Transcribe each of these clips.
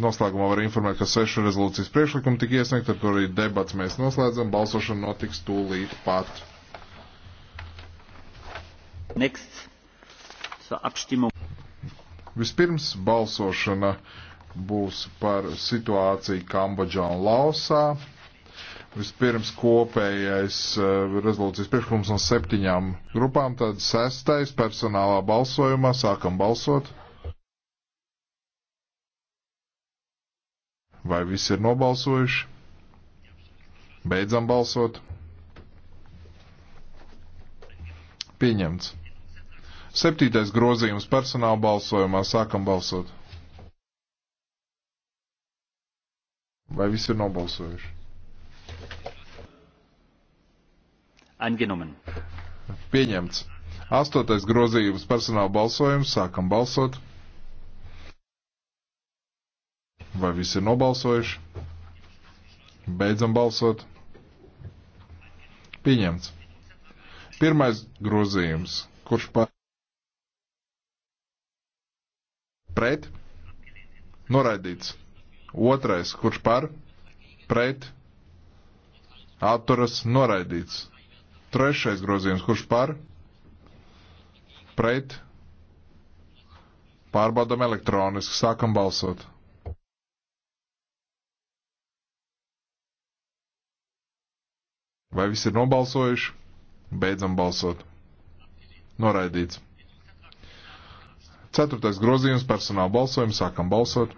Noslēgumā var informēt, ka sešu rezolūcijas priekšlikumu tika iesniegt, ar to arī debats mēs noslēdzam. Balsošana notiks tūlīt pat. Vispirms balsošana būs par situāciju Kambodžā un Laosā. Vispirms kopējais eh, rezolūcijas priekšlikums no septiņām grupām, tad sestais personālā balsojumā sākam balsot. Vai visi ir nobalsojuši? Beidzam balsot. Pieņemts. Septītais grozījums personāla balsojumā. Sākam balsot. Vai visi ir nobalsojuši? Angenomen. Pieņemts. Astotais grozījums personāla balsojums. Sākam balsot. Vai visi ir nobalsojuši? Beidzam balsot. Pieņemts. Pirmais grozījums. Kurš par? Pret? Noraidīts. Otrais. Kurš par? Pret? Atturas. Noraidīts. Trešais grozījums. Kurš par? Pret? Pārbaudam elektroniski. Sākam balsot. Vai visi ir nobalsojuši? Beidzam balsot. Noraidīts. Ceturtais grozījums personāla balsojums. Sākam balsot.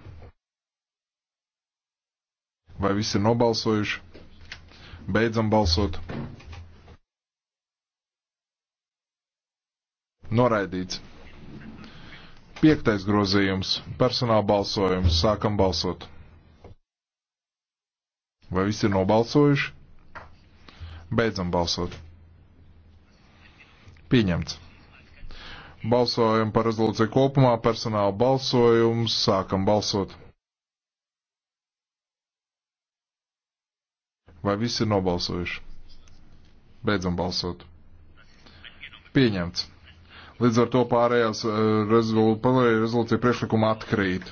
Vai visi ir nobalsojuši? Beidzam balsot. Noraidīts. Piektais grozījums - personāla balsojums. Sākam balsot. Vai visi ir nobalsojuši? Beidzam balsot. Pieņemts. Balsojam par rezolūciju kopumā, personāla balsojums, sākam balsot. Vai visi ir nobalsojuši? Beidzam balsot. Pieņemts. Līdz ar to pārējās eh, rezol... rezolūcija priekšlikuma atkrīt.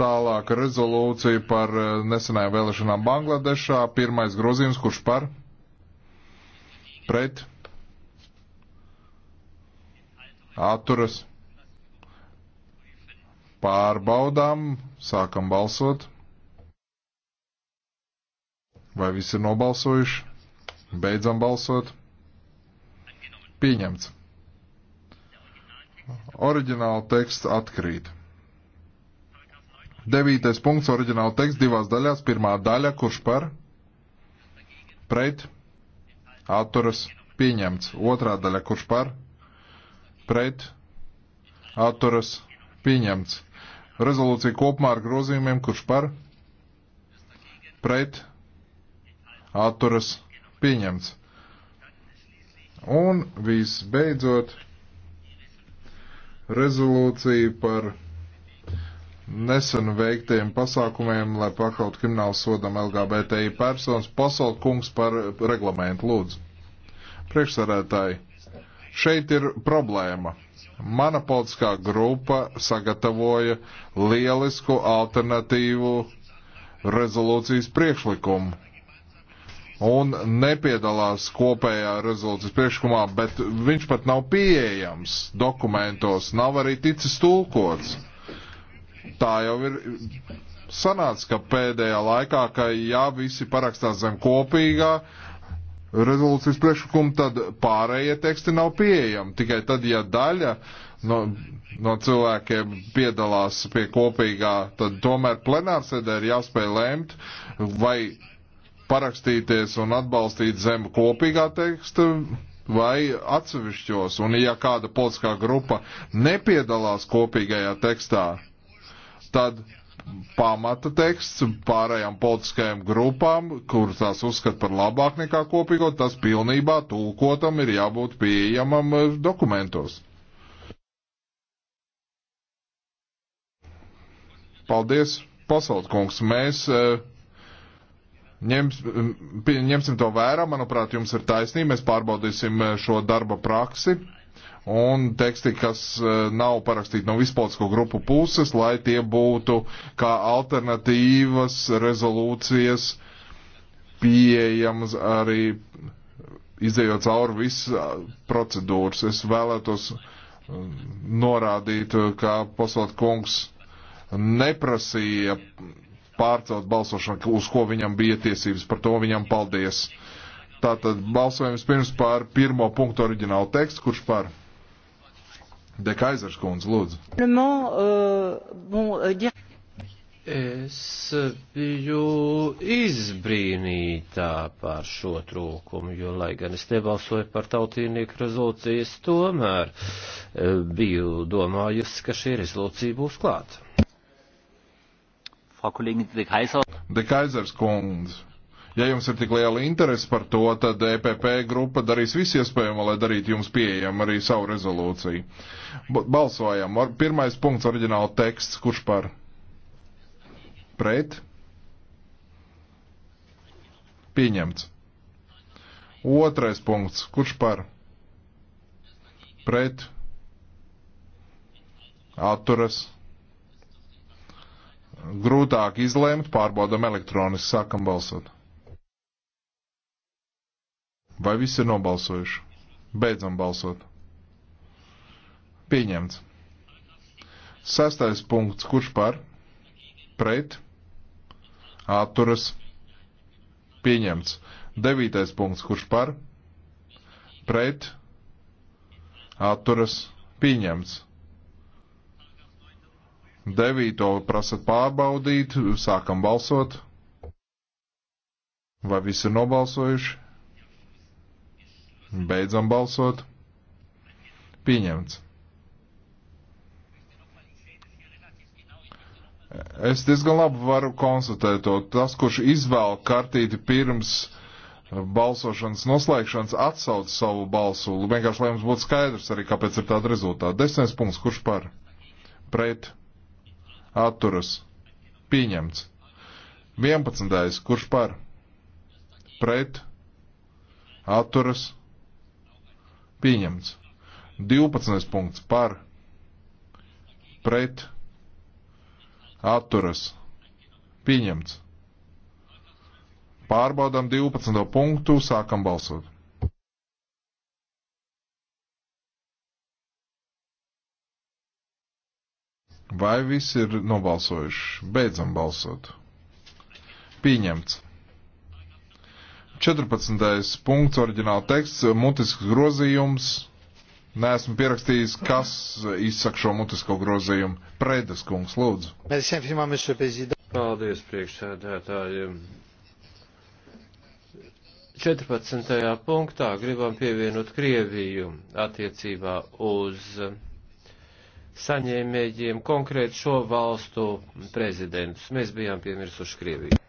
Tālāk rezolūcija par eh, nesenajām vēlēšanām Bangladešā. Pirmais grozījums, kurš par? pret, atturas, pārbaudām, sākam balsot. Vai visi ir nobalsojuši? Beidzam balsot. Pieņemts. Oriģināla teksts atkrīt. Devītais punkts, oriģināla teksts divās daļās. Pirmā daļa, kurš par? Pret? atturas pieņemts. Otrā daļa, kurš par, pret, atturas pieņemts. Rezolūcija kopumā ar grozījumiem, kurš par, pret, atturas pieņemts. Un visbeidzot, rezolūcija par nesen veiktiem pasākumiem, lai pakaut kriminālu sodam LGBTI personas. Pasaut kungs par reglamentu, lūdzu. Priekšsarētāji, šeit ir problēma. Mana politiskā grupa sagatavoja lielisku alternatīvu rezolūcijas priekšlikumu un nepiedalās kopējā rezolūcijas priekšlikumā, bet viņš pat nav pieejams dokumentos, nav arī ticis tulkots tā jau ir sanācis, ka pēdējā laikā, ka ja visi parakstās zem kopīgā rezolūcijas priekšlikuma, tad pārējie teksti nav pieejami. Tikai tad, ja daļa no, no cilvēkiem piedalās pie kopīgā, tad tomēr plenārsēdē ir jāspēj lēmt, vai parakstīties un atbalstīt zem kopīgā teksta vai atsevišķos. Un ja kāda politiskā grupa nepiedalās kopīgajā tekstā, tad pamata teksts pārējām politiskajām grupām, kuras tās uzskata par labāk nekā kopīgo, tas pilnībā tulkotam ir jābūt pieejamam eh, dokumentos. Paldies, pasautkungs. Mēs eh, ņems, ņemsim to vērā. Manuprāt, jums ir taisnība. Mēs pārbaudīsim eh, šo darba praksi un teksti, kas e, nav parakstīti no vispolitisko grupu puses, lai tie būtu kā alternatīvas rezolūcijas pieejamas arī izējot cauri visu e, procedūras. Es vēlētos e, norādīt, ka posot kungs neprasīja pārcelt balsošanu, uz ko viņam bija tiesības. Par to viņam paldies. Tātad balsojums pirms par pirmo punktu oriģinālu tekstu, kurš par? De Kaisers kundze, lūdzu. Es biju izbrīnītā par šo trūkumu, jo, lai gan es nebalsoju par tautīnieku rezolūcijas, tomēr e, biju domājusi, ka šī rezolūcija būs klāta. De Kaisers kundze, Ja jums ir tik liela interese par to, tad EPP grupa darīs visu iespējamo, lai darītu jums pieejamu arī savu rezolūciju. Balsojam. Pirmais punkts, oriģināla teksts, kurš par? Pret? Pieņemts. Otrais punkts, kurš par? Pret? Atturas? grūtāk izlēmt, pārbaudam elektroniski, sākam balsot. Vai visi ir nobalsojuši? Beidzam balsot. Pieņemts. Sastais punkts. Kurš par? Pret. Atturas. Pieņemts. Devītais punkts. Kurš par? Pret. Atturas. Pieņemts. Devīto prasat pārbaudīt. Sākam balsot. Vai visi ir nobalsojuši? Beidzam balsot. Pieņemts. Es diezgan labi varu konstatēt to. Tas, kurš izvēl kartīti pirms eh, balsošanas noslēgšanas, atsauc savu balsu. Vienkārši, lai jums būtu skaidrs arī, kāpēc ir tāda rezultāta. Desmitais punkts, kurš par? Pret? Atturas? Pieņemts. Vienpadsmitais, kurš par? Pret? Atturas? Pieņemts. 12. punkts par pret atturas. Pieņemts. Pārbaudām 12. punktu, sākam balsot. Vai visi ir nobalsojuši? Beidzam balsot. Pieņemts. 14. punkts, oriģināla teksts, mutisks grozījums. Neesmu pierakstījis, kas izsaka šo mutisko grozījumu. Prēdas kungs, lūdzu. Paldies, priekšsēdētāji. 14. punktā gribam pievienot Krieviju attiecībā uz saņēmējiem konkrēt šo valstu prezidentus. Mēs bijām piemirsuši Krieviju.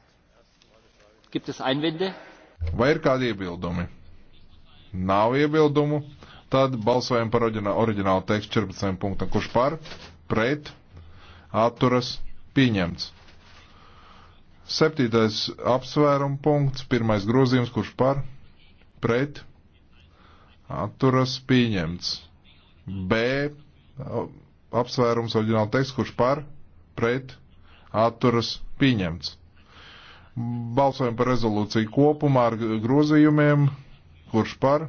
Gibt es Einwände? Vai ir kādi iebildumi? Nav iebildumu. Tad balsojam par oriģinālu tekstu 14. punktam. Kurš par? Pret? Atturas? Pieņemts. Septītais apsvērumu punkts. Pirmais grozījums. Kurš par? Pret? Atturas? Pieņemts. B. Apsvērums oriģināla teksts. Kurš par? Pret? Atturas? Pieņemts. Balsojam par rezolūciju kopumā ar grozījumiem. Kurš par?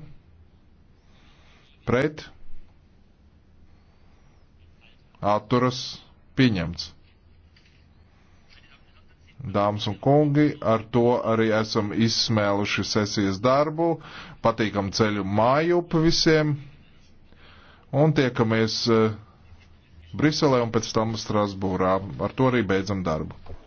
Pret? Atturas pieņemts. Dāmas un kungi, ar to arī esam izsmēluši sesijas darbu. Patīkam ceļu mājup visiem. Un tiekamies eh, Briselē un pēc tam Strasbūrā. Ar to arī beidzam darbu.